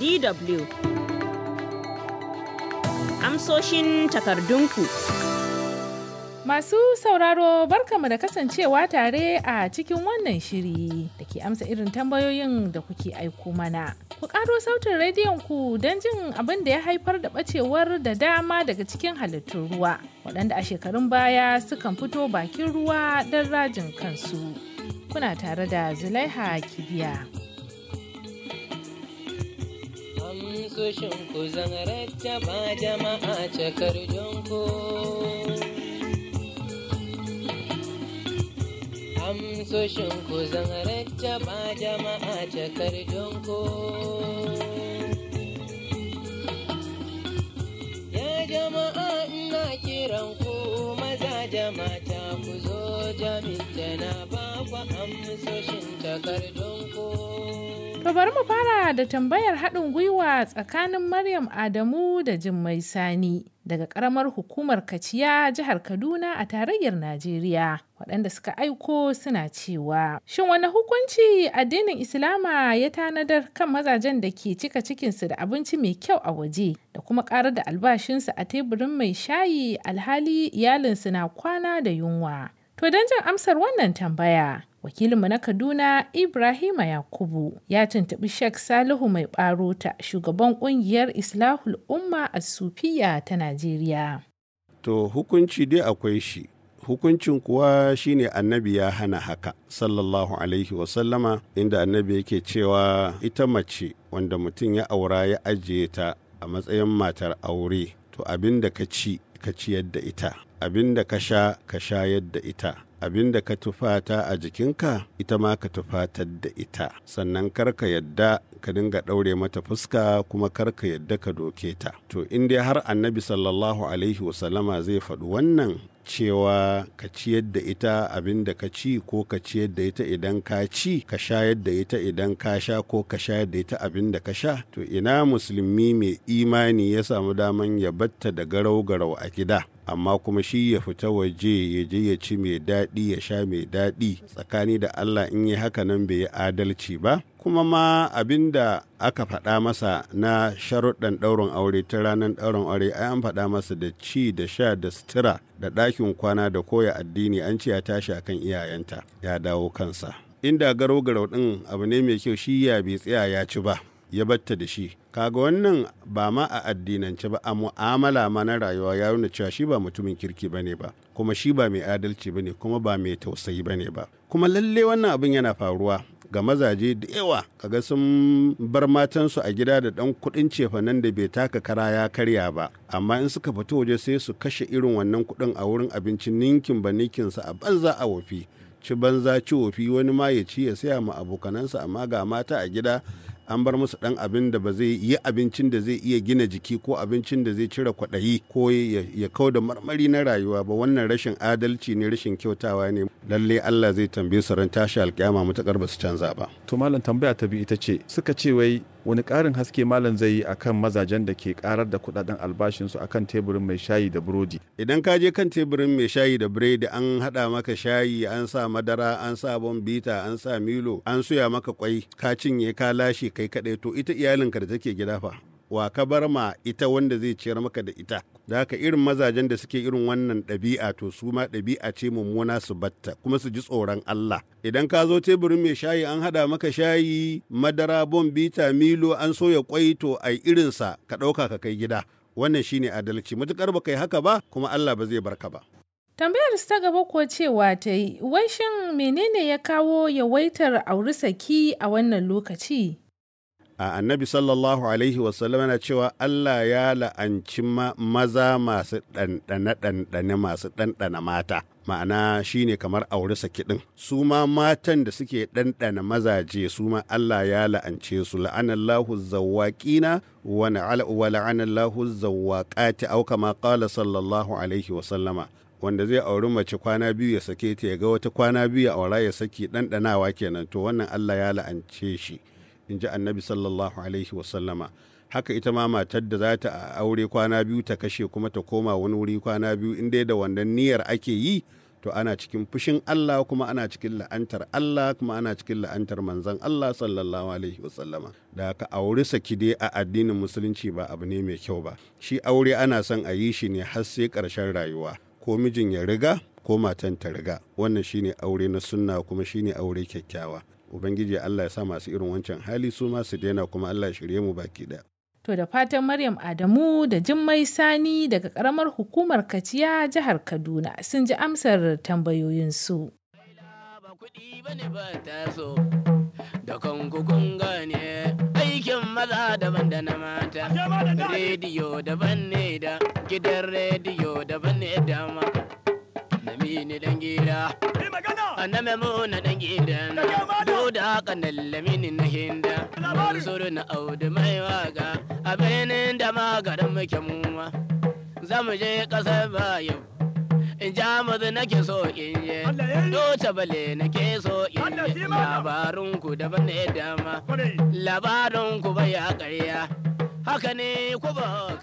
DW. Amsoshin takardunku. Masu sauraro barkamu da kasancewa tare a cikin wannan shiri da ke amsa irin tambayoyin da kuke aiko mana. Ku karo sautin rediyon ku don jin abin da ya haifar da ɓacewar da dama daga cikin halittun ruwa, waɗanda a shekarun baya sukan fito bakin ruwa don rajin kansu. Kuna tare da Zulaiha Kibiya. amsoshinku zan ba jama'a cakar jonku amsoshinku zan ba jama'a cakar jonku ya jama'a ina kiranku maza jama'a ku zo jami'a na ba ku amsoshin takardunku To bari mu fara da tambayar haɗin gwiwa tsakanin Maryam Adamu da Jummai Sani daga ƙaramar hukumar Kaciya jihar Kaduna a tarayyar Najeriya waɗanda suka aiko suna cewa shin wani hukunci addinin Islama ya tanadar kan mazajen da ke cika cikinsu da abinci mai kyau a waje da kuma ƙarar da albashinsu a teburin mai shayi alhali iyalinsu na kwana da yunwa. To don jin amsar wannan tambaya, wakilinmu na Kaduna Ibrahima Yakubu ya tuntuɓi Sheikh Salihu Mai Barota, shugaban ƙungiyar Islahul Umma a Sufiya ta Najeriya. To hukunci dai akwai shi, hukuncin kuwa shine annabi ya hana haka sallallahu alaihi wasallama inda annabi yake cewa ita mace wanda mutum ya aura ya ajiye ta a matsayin matar aure to abin da ka ci ka ciyar da ita abin da ka sha ka shayar da ita abin da ka tufata a jikinka ita ma ka tufatar da ita sannan karka yadda ka dinga ɗaure mata fuska kuma karka yadda ka doke ta to in dai har annabi sallallahu alaihi wasallama zai faɗi wannan cewa ka ciyar da ita abin da ka ci ko ka ciyar da ita idan ka ci ka shayar da ita idan ka sha ko ka shayar da ita abin da ka sha to ina musulmi mai imani ya samu daman ya batta da garau garau a gida amma kuma shi ya fita waje ya je ya ci mai daɗi ya sha mai daɗi tsakani da Allah in yi haka nan bai yi adalci ba kuma ma abin da aka faɗa masa na sharuɗan ɗaurin aure ta ranar ɗaurin aure ai an faɗa masa da ci da sha da sutura da ɗakin kwana da koya addini an ce ya tashi akan iyayenta ya dawo kansa inda garau garau ɗin abu ne mai kyau shi ya bai tsaya ya ci ba ya batta da shi kaga wannan ba ma a addinance ba a mu'amala ma na rayuwa ya nuna cewa shi ba mutumin kirki ba ne ba kuma shi ba mai adalci ba ne kuma ba mai tausayi ba ne ba kuma lalle wannan abin yana faruwa ga mazaje da yawa kaga sun bar matansu a gida da dan kudin cefanen da bai taka kara ya karya ba amma in suka fito waje sai su kashe irin wannan kuɗin a wurin abincin ninkin ba ninkinsa a banza a wofi ci banza ci wofi wani ma ya ci ya saya ma abokanansa amma ga mata a gida an bar musu dan abin da ba zai yi abincin da zai iya gina jiki ko abincin da zai cire kwaɗayi ko ya kau da marmari na rayuwa ba wannan rashin adalci ne rashin kyautawa ne lalle Allah zai tambaye su ran tashi alƙiyama mutakar ba su canza ba to malam tambaya ta bi ita ce suka ce wai wani ƙarin haske malam zai yi akan mazajen da ke karar da kudaden albashinsu akan teburin mai shayi da burodi idan ka je kan teburin mai shayi da biredi an hada maka shayi an sa madara an sa bon bita an sa milo an suya maka kwai ka cinye ka lashe kai kadai to ita iyalinka da take gida fa wa ka bar ma ita wanda zai ciyar maka da ita da haka irin mazajen da suke irin wannan ɗabi'a to su ma ɗabi'a ce mummuna su batta kuma su ji tsoron Allah idan ka zo teburin mai shayi an haɗa maka shayi madara bita milo an soya kwai to ai irinsa ka ɗauka ka kai gida wannan shine adalci matukar baka yi haka ba kuma Allah ba zai barka ba tambayar su ta gaba ko cewa ta yi wai shin menene ya kawo yawaitar auri saki a wannan lokaci a annabi sallallahu alaihi wasallam na cewa Allah ya la'anci maza masu ɗanɗane-ɗanɗane masu ɗanɗana mata ma'ana shine kamar aure sakiɗin su ma matan da suke ɗanɗana mazaje su ma Allah ya la'ance su la'anallahu zawwaƙina wa la'anallahu zawwaƙati au kama qala sallallahu alaihi wanda zai auri mace kwana biyu ya sake ta ya ga wata kwana biyu ya aura ya saki ɗanɗanawa kenan to wannan Allah ya la'ance shi in ji annabi sallallahu alaihi wasallama haka ita ma matar da za ta aure kwana biyu ta kashe kuma ta koma wani wuri kwana biyu in dai da wannan niyyar ake yi to ana cikin fushin Allah kuma ana cikin la'antar Allah kuma ana cikin la'antar manzon Allah sallallahu alaihi wasallama da ka aure saki dai a addinin musulunci ba abu ne mai kyau ba shi aure ana son a yi shi ne har sai karshen rayuwa ko mijin ya riga ko matan ta riga wannan shine aure na sunna kuma shine aure kyakkyawa ubangiji allah ya sa masu irin wancan hali su masu su daina kuma allah shirye mu baki ɗaya. to da fatan maryam adamu da jimmai sani daga karamar hukumar kaciya jihar kaduna sun ji amsar tambayoyinsu. kuɗi bane ba da kankukun gane aikin maza daban da na mata rediyo daban ne da gidan rediyo daban ne da mata lamini dan gira ana maimuna dan gidan duda kanan lamini na hinda suru na audu mai waka a birnin da magarin muke muma za mu je kasar bayan in ja mazu nake so in ye doce bale nake so in ye labarin ku daban ne dama labarin ku bai a ƙarya haka ne ku ba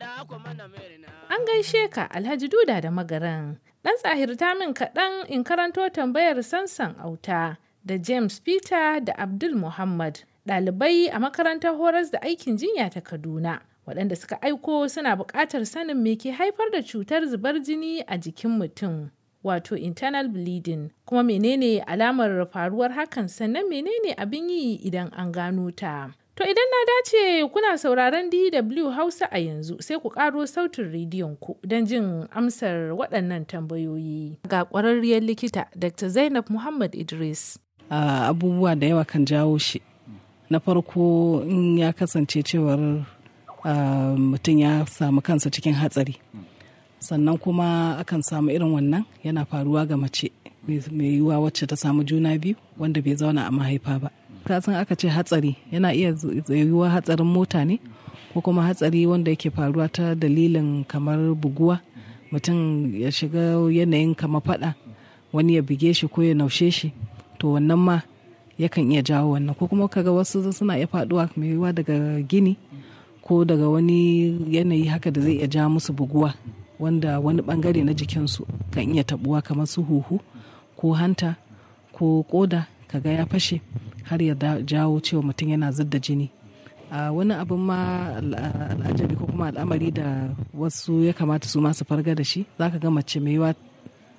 da kuma na mere An gaishe ka Alhaji Duda da Magaran. Ɗan tsahirta min kaɗan in karanto tambayar Sansan Auta da James Peter da Abdul Muhammad. Ɗalibai a makarantar horas da aikin jinya ta Kaduna. Waɗanda suka aiko suna buƙatar sanin me ke haifar da cutar zubar jini a jikin mutum. Wato internal bleeding kuma menene alamar faruwar hakan sannan menene abin yi idan an gano ta. To idan na dace kuna sauraron DW Hausa a yanzu sai ku ƙaro sautin rediyon ku don jin amsar waɗannan tambayoyi. Ga ƙwararriyar likita Dr. Zainab Muhammad Idris. abubuwa da yawa kan jawo shi. Na farko in ya kasance cewar mutum ya samu kansa cikin hatsari. Sannan kuma akan samu irin wannan yana faruwa ga mace mai yiwuwa wacce ta samu juna biyu wanda bai zauna a mahaifa ba. san aka ce hatsari yana iya tsayuwa hatsarin mota ne ko kuma hatsari wanda yake faruwa ta dalilin kamar buguwa mutum ya shiga yanayin kama fada wani ya bige shi ko ya naushe shi to wannan ma yakan iya jawo wannan ko kuma kaga wasu suna iya faduwa mai yiwuwa daga gini ko daga wani yanayi haka da zai iya ja musu buguwa wanda wani bangare na jikinsu kan iya tabuwa kamar su huhu ko hanta ko koda kaga ya fashe har ya jawo cewa mutum yana zidda jini a wani abin ma al'ajabi ko kuma al'amari da wasu ya kamata su masu farga da shi zaka ga mace mai yiwa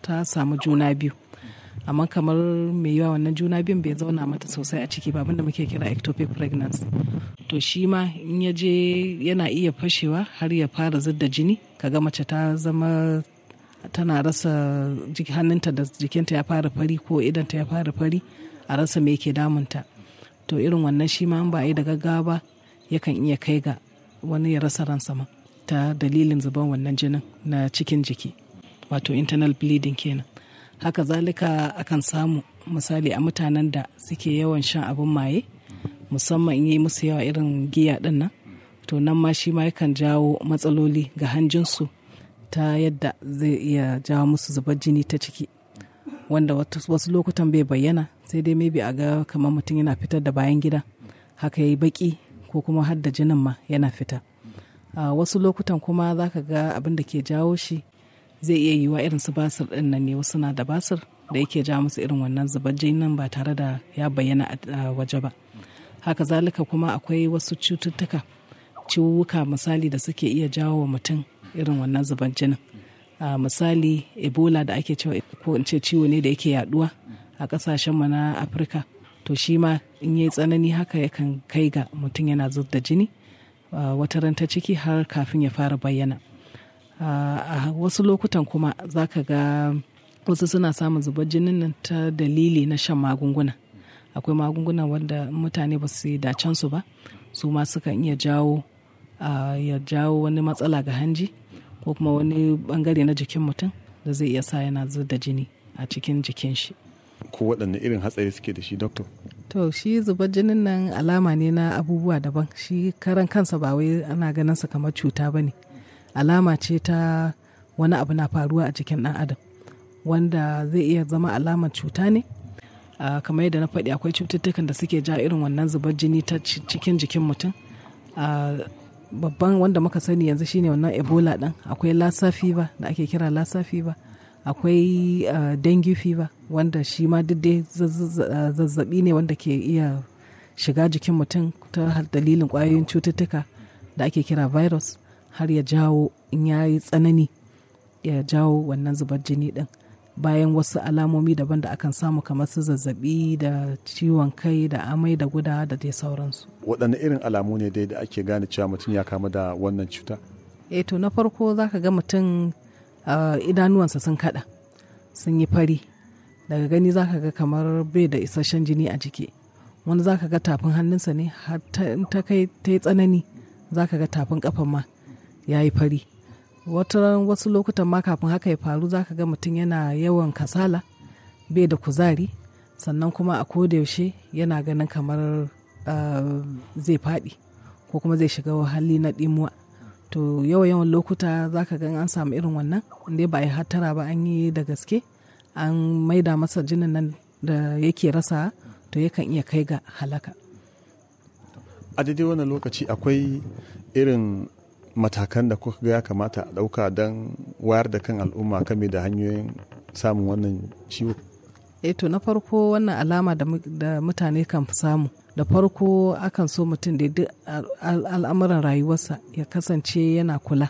ta samu juna biyu amma kamar mai yawa wannan juna biyun bai zauna mata sosai a ciki ba abinda muke kira ectopic pregnancy to shi ma in ya je yana iya fashewa har ya fara zidda jini ka ga mace ta zama tana rasa hannunta da jikinta ya fara fari ko idanta ya fara fari a rasa me ke damunta to irin wannan shi ma ba a yi da gaggawa ba yakan iya kai ga wani ya rasa ransa ma ta dalilin zuban wannan jinin na cikin jiki wato internal bleeding kenan haka zalika akan samu misali a mutanen da suke yawan shan abin maye musamman in yi musu yawa irin giya din nan to nan ma shi ma yakan jawo matsaloli ga hanjinsu ta yadda zai iya jawo musu zubar jini ta ciki wanda wasu lokutan bai bayyana sai dai maybe a ga kamar mutum yana fitar da bayan gida haka ya yi baki ko kuma har da jinin ma yana fita a wasu lokutan kuma za ka ga abin da ke jawo shi zai iya yiwa irin su basir din nan ne wasu na da basir da yake ja musu irin wannan zubar jinin ba tare da ya bayyana a waje ba haka zalika kuma akwai wasu cututtuka ciwuka misali da suke iya jawo wa mutum irin wannan zubar jinin a ah, misali ebola da ake cewa ko in ce ciwo ne da yake yaduwa a kasashen mu na afirka to shi ma in yi tsanani haka yakan kai ga mutum yana zub da jini ah, wata ranta ciki har kafin ya fara bayyana ah, a wasu lokutan kuma za ka ga wasu suna samun zubar jinin ta dalili na shan magunguna akwai magunguna wanda mutane ba su dacen su ba su ma sukan iya jawo ya jawo wani matsala ga hanji ko kuma wani bangare na jikin mutum da zai iya sa yana zuba da jini a cikin jikin shi ko waɗanne irin hatsari suke da shi doctor to shi zubar jinin nan alama ne na abubuwa daban shi karan kansa ba wai ana ganin sa kamar cuta ba ne alama ce ta wani abu na faruwa a jikin ɗan adam wanda zai iya zama alamar cuta ne uh, kamar yadda na faɗi akwai cututtukan da suke ja irin wannan zubar jini ta cikin jikin mutum uh, babban wanda muka sani yanzu shine wannan ebola ɗin akwai lassa fever da ake kira lassa fever akwai eh, dengue fever wanda shi ma duk dai eh, zazzabi ne wanda ke iya shiga jikin mutum ta dalilin kwayoyin cututtuka da ake kira virus har ya jawo in ya yi tsanani ya jawo wannan zubar jini ɗin bayan wasu alamomi daban da akan samu kamar su zazzabi da ciwon kai da amai da guda da dai sauransu waɗanne irin alamu ne dai da ake gane cewa mutum ya kama da wannan cuta E to na farko za ka ga mutum idanuwansa sun kada sun yi fari daga gani za ka ga kamar bai da isasshen jini a jiki wani za ka ga tafin hannunsa ne har ta kai ta yi tsanani za ka ga tafin kafan ma ya yi fari wataran wasu lokutan ma kafin haka ya faru zaka ga mutum yana yawan kasala bai da kuzari sannan kuma a yaushe yana ganin kamar uh, zai faɗi ko kuma zai shiga hali na ɗimuwa to yawan yawan lokuta zaka ga an samu irin wannan inda ba a hattara ba an yi da gaske an maida masa jinin nan da yake rasa to yakan iya kai ga halaka a daidai wannan lokaci akwai irin matakan da kuka ga ya kamata a ɗauka don wayar da kan al'umma kame da hanyoyin samun wannan ciwo? e to na farko wannan alama da mutane kan samu da farko akan so mutum da duk al'amuran rayuwarsa ya kasance yana kula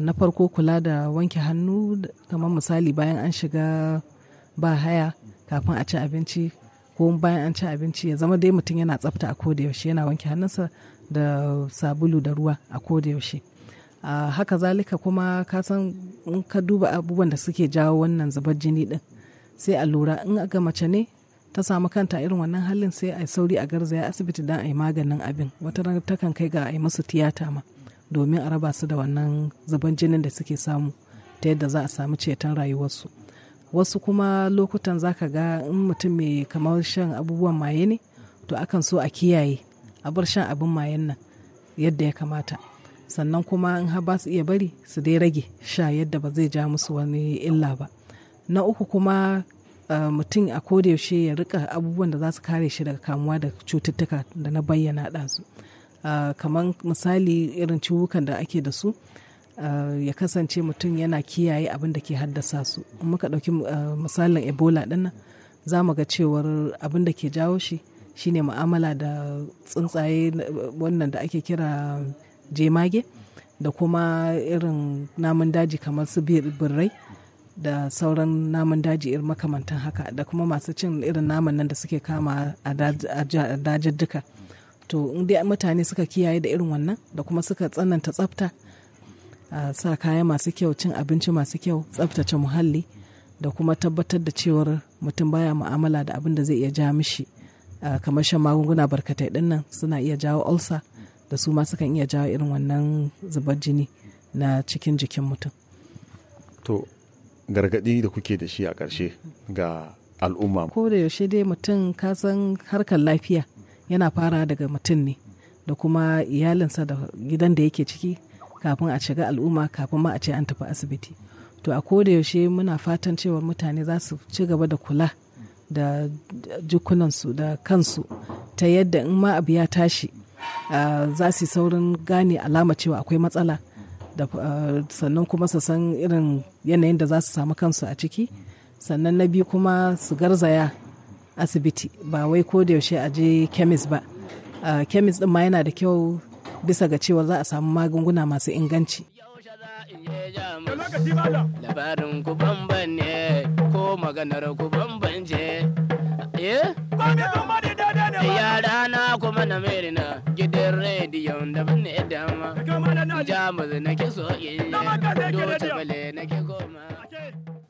na farko kula da wanke hannu kamar misali bayan an shiga ba haya kafin a ci abinci ko bayan an ci abinci ya zama dai mutum yana tsafta a koda yaushe yana wanke hannunsa da sabulu da ruwa a koda yaushe a haka zalika kuma ka san in ka duba abubuwan da suke jawo wannan zubar jini din sai a lura in ga mace ne ta samu kanta irin wannan halin sai a sauri a garzaya asibiti don a yi maganin abin wata ran kan kai ga a yi musu tiyata ma domin a raba su da wannan zuban jinin da suke samu ta yadda za a samu ceton rayuwarsu wasu kuma lokutan za ka ga in mutum mai kamar shan abubuwan maye ne to akan so a kiyaye a bar shan abin mayen nan yadda ya kamata sannan kuma in har ba su iya bari su dai rage sha yadda ba zai ja musu wani illa ba na uku kuma eh, mutum a yaushe ya rika abubuwan da za su kare shi daga kamuwa da cututtuka da na bayyana ɗazu su eh, kamar misali irin ciwukan da ake da su eh, ya kasance mutum yana kiyaye abin da ke haddasa su muka ɗauki misalin ebola ɗin za mu ga cewar abin da ke jawo shi shine mu'amala da tsuntsaye wannan da ake kira jemage da kuma irin namun daji kamar su birrai da sauran namun daji irin makamantan haka da kuma masu cin irin naman nan da suke kama a dajin duka to dai mutane suka kiyaye da irin wannan da kuma suka tsananta tsafta sa kaya masu kyau cin abinci masu kyau tsaftace muhalli da kuma tabbatar da cewar mutum baya mu'amala da abin da zai iya ja mishi kamar shan magunguna barkatai dinnan suna iya jawo ulcer da su ma kan iya jawo irin wannan zubar jini na cikin jikin mutum to gargadi da kuke da shi a ƙarshe ga al'umma ko da yaushe dai mutum ka san harkar lafiya yana fara daga mutum ne da kuma iyalinsa da gidan da yake ciki kafin a shiga al'umma kafin ma a ce an tafi asibiti to a ko da yaushe muna fatan cewa mutane za su ci gaba da kula da jikunansu da kansu ta yadda in ma abu ya tashi za su saurin gane alama cewa akwai matsala da sannan kuma su san irin yanayin da za su samu kansu a ciki sannan na biyu kuma su garzaya asibiti ba wai ko da yaushe a je kemis ba kemis din ma yana da kyau bisa ga cewa za a samu magunguna masu inganci labarin ku bamban ne ko maganar ku yara na kuma na merina gidan rediyon da bin dama jamus na ke so in doce bale na ke goma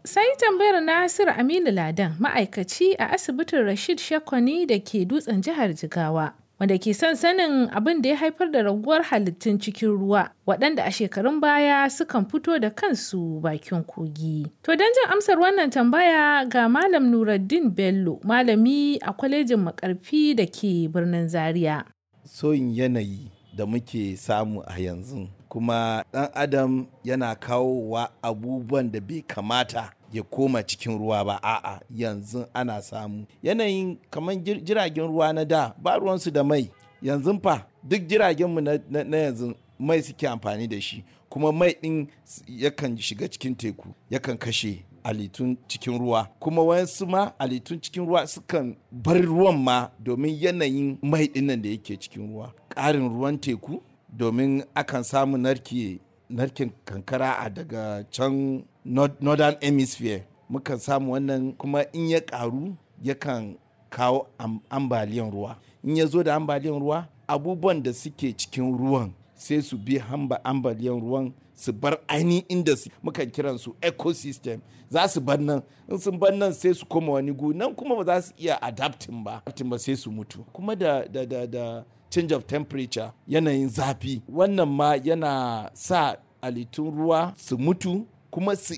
sai tambayar nasir aminu ladan ma'aikaci a asibitin rashid shakwani da ke dutsen jihar jigawa wanda ke son sanin abin da ya haifar da raguwar halittun cikin ruwa waɗanda a shekarun baya sukan fito da kansu bakin kogi. To don jin amsar wannan tambaya ga Malam Nuruddin Bello, malami a kwalejin makarfi da ke birnin Zaria. Soyin yanayi da muke samu a yanzu kuma ɗan adam yana kawowa abubuwan da bai kamata ya koma cikin ruwa ba a'a yanzu ana samu yanayin kamar jiragen ruwa na da ba ruwansu da mai yanzu fa duk jiragenmu na yanzu mai suke amfani da shi kuma mai ɗin yakan shiga cikin teku yakan kashe alitun cikin ruwa kuma wayansu ma alitun cikin ruwa sukan bar ruwan ma domin yanayin mai dinnan da yake cikin ruwa ƙarin ruwan teku domin akan samu narki narkin kankara a daga can northern hemisphere mukan samu wannan kuma in ya karu yakan kawo ambaliyan ruwa in ya zo da ambaliyan ruwa abubuwan da suke cikin ruwan sai su bi ambaliyan ruwan su bar ainihin inda su mukan kiran su ecosystem za su bar nan in sun bar nan sai su koma wani gu nan kuma ba za su iya adaptin ba ba sai su mutu kuma da da da da change of temperature yanayin zafi wannan ma yana sa halittun ruwa su mutu kuma su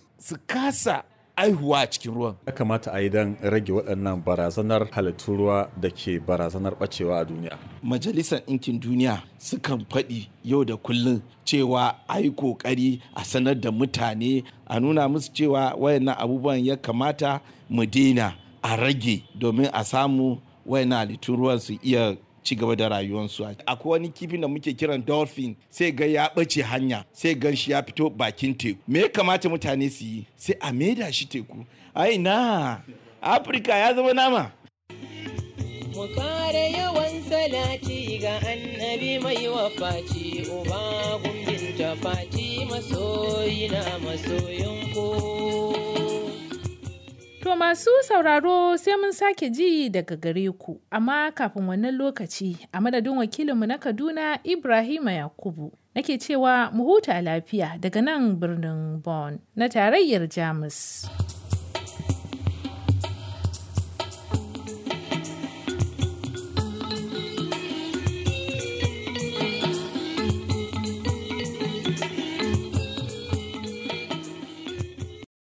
kasa aihuwa a cikin ruwan. Ya kamata a yi don rage waɗannan barazanar halittun ruwa da ke barazanar ɓacewa a duniya. Majalisar ɗinkin duniya sukan faɗi yau da kullum cewa a yi ƙoƙari a sanar da mutane a nuna musu cewa wayannan abubuwan ya kamata mu daina a rage domin a samu wayannan halittun ruwan su iya ci gaba da rayuwarsu akwai wani kifin da muke kiran dolphin sai ga ya ɓace hanya sai gan shi ya fito bakin teku me ya kamata mutane su yi sai a maida shi teku ai na afirka ya zama nama mu kare yawan salati ga annabi mai wafaci uba gumbin tafaci masoyi na masoyin ku To masu sauraro sai mun sake ji daga gare ku, amma kafin wannan lokaci a madadin wakilinmu na Kaduna Ibrahima Yakubu. Nake cewa mu huta lafiya daga nan birnin Bonn na tarayyar Jamus.